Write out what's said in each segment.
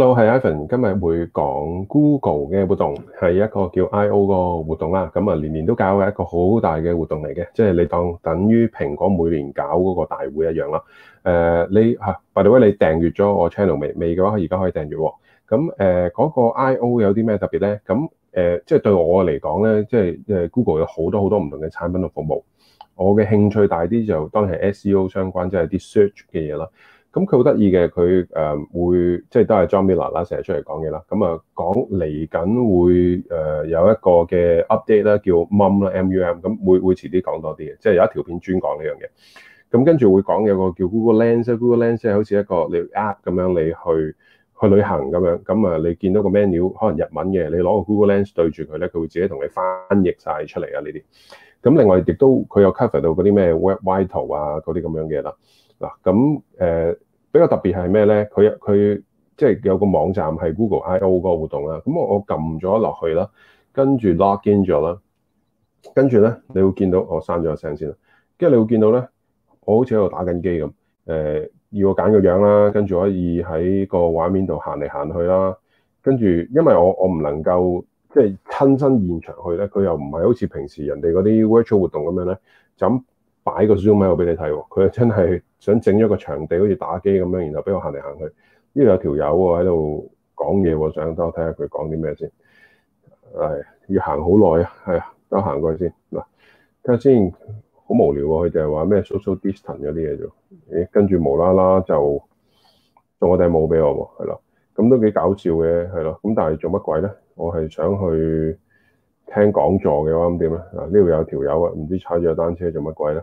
Hello，係 Ivan，今日會講 Google 嘅活動係一個叫 I/O 個活動啦。咁啊，年年都搞嘅一個好大嘅活動嚟嘅，即係你當等於蘋果每年搞嗰個大會一樣啦。誒，你嚇，by the way，你訂閲咗我 channel 未？未嘅話，而家可以訂閲喎。咁誒，嗰個 I/O 有啲咩特別咧？咁誒，即係對我嚟講咧，即係誒 Google 有好多好多唔同嘅產品同服務。我嘅興趣大啲就當係 SEO 相關，即係啲 search 嘅嘢啦。咁佢好得意嘅，佢誒會即係都係 John Miller 成日出嚟講嘢啦。咁啊，講嚟緊會誒有一個嘅 update 啦，叫 Mum 啦，MUM。咁會會遲啲講多啲嘅，即係有一條片專講呢樣嘢。咁跟住會講有個叫 Google Lens, Google Lens，Google Lens 係好似一個你 App 咁樣，你去去旅行咁樣。咁啊，你見到個 menu 可能日文嘅，你攞個 Google Lens 對住佢咧，佢會自己同你翻譯晒出嚟啊呢啲。咁另外亦都佢有 cover 到嗰啲咩 web vital 啊，嗰啲咁樣嘅啦。嗱咁誒比較特別係咩咧？佢佢即係有個網站係 Google I O 個活動啦。咁我我撳咗落去啦，跟住 log in 咗啦，跟住咧你會見到我閂咗個聲先啦。跟住你會見到咧，我好似喺度打緊機咁。誒、呃、要我揀個樣啦，跟住可以喺個畫面度行嚟行去啦。跟住因為我我唔能夠即係親身現場去咧，佢又唔係好似平時人哋嗰啲 virtual 活動咁樣咧，就咁。擺個 Zoom 喺我俾你睇喎，佢真係想整咗個場地，好似打機咁樣，然後俾我行嚟行去。呢度有條友喎喺度講嘢喎，想等我睇下佢講啲咩先。係要行好耐啊，係啊、等我行過去先嗱。睇下先，好無聊喎。佢就係話咩 social distance 啲嘢就，咦，跟住無啦啦就做我頂帽俾我喎，係啦，咁都幾搞笑嘅，係咯。咁但係做乜鬼咧？我係想去聽講座嘅話咁點咧？嗱，呢度有條友啊，唔知踩住個單車做乜鬼咧？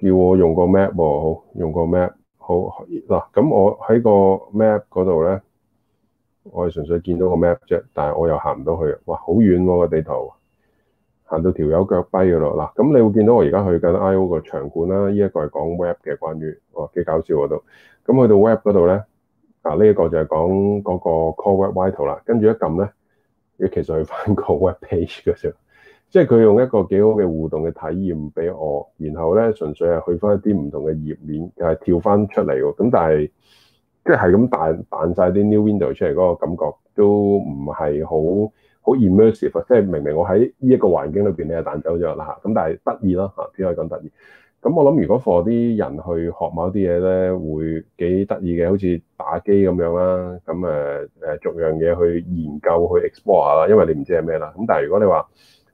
叫我用個 map 喎、啊，用個 map 好嗱，咁我喺個 map 嗰度咧，我係純粹見到個 map 啫，但係我又行唔到去啊！哇，好遠喎、啊、個地圖，行到條友腳跛嘅咯嗱，咁你會見到我而家去緊 I.O 個場館啦、啊，呢、這、一個係講 web 嘅關於，哇幾搞笑喎都，咁去到 web 嗰度咧，嗱、啊，呢、這、一個就係講嗰個 Core Web Vitals 啦，跟住一撳咧，佢其實去翻個 web page 嘅啫。即係佢用一個幾好嘅互動嘅體驗俾我，然後咧純粹係去翻一啲唔同嘅頁面，又係跳翻出嚟嘅。咁但係即係咁彈彈曬啲 new window 出嚟嗰個感覺都唔係好好 immersive 啊！即係明明我喺呢一個環境裏邊你咧彈走咗啦嚇，咁但係得意咯嚇，只、啊、可以講得意。咁我諗如果 for 啲人去學某啲嘢咧，會幾得意嘅，好似打機咁樣啦。咁誒誒，逐、啊、樣嘢去研究去 explore 下啦，因為你唔知係咩啦。咁但係如果你話，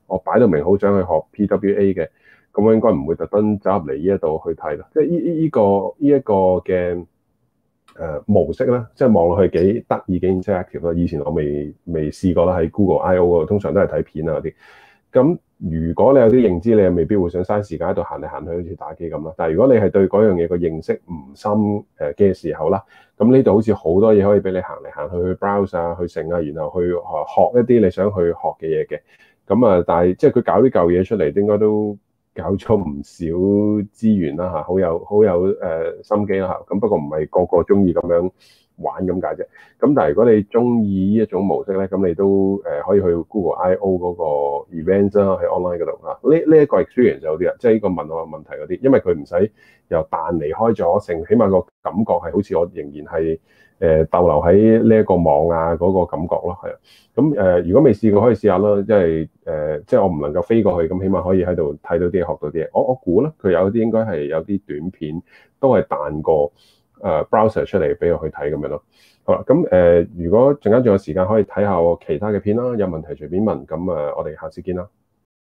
我擺到明好想去學 PWA 嘅，咁我應該唔會特登走入嚟呢一度去睇咯。即係呢呢個呢一個嘅誒、呃、模式啦，即係望落去幾得意幾 interactive 咯。以前我未未試過啦，喺 Google I/O 通常都係睇片啊嗰啲。咁如果你有啲認知，你又未必會想嘥時間喺度行嚟行去，好似打機咁啦。但係如果你係對嗰樣嘢個認識唔深誒嘅時候啦，咁呢度好似好多嘢可以俾你行嚟行去去 browse 啊，去成啊，然後去學一啲你想去學嘅嘢嘅。咁啊，但係即係佢搞啲舊嘢出嚟，應該都搞咗唔少資源啦嚇，好有好有誒心機啦嚇。咁不過唔係個個鍾意咁樣。玩咁解啫，咁但係如果你中意呢一種模式咧，咁你都誒可以去 Google I O 嗰個 events 啦，喺 online 嗰度吓。呢、這、呢、個、一個雖然就有啲啦，即係呢個問我問題嗰啲，因為佢唔使又彈離開咗，成起碼個感覺係好似我仍然係誒、呃、逗留喺呢一個網啊嗰、那個感覺咯，係啊。咁誒、呃，如果未試過可以試下咯，因為誒即係我唔能夠飛過去，咁起碼可以喺度睇到啲嘢，學到啲嘢。我我估咧，佢有啲應該係有啲短片都係彈過。誒、uh, browser 出嚟俾我去睇咁樣咯，好啦，咁誒、uh, 如果陣間仲有時間可以睇下我其他嘅片啦，有問題隨便問，咁誒、uh, 我哋下次見啦。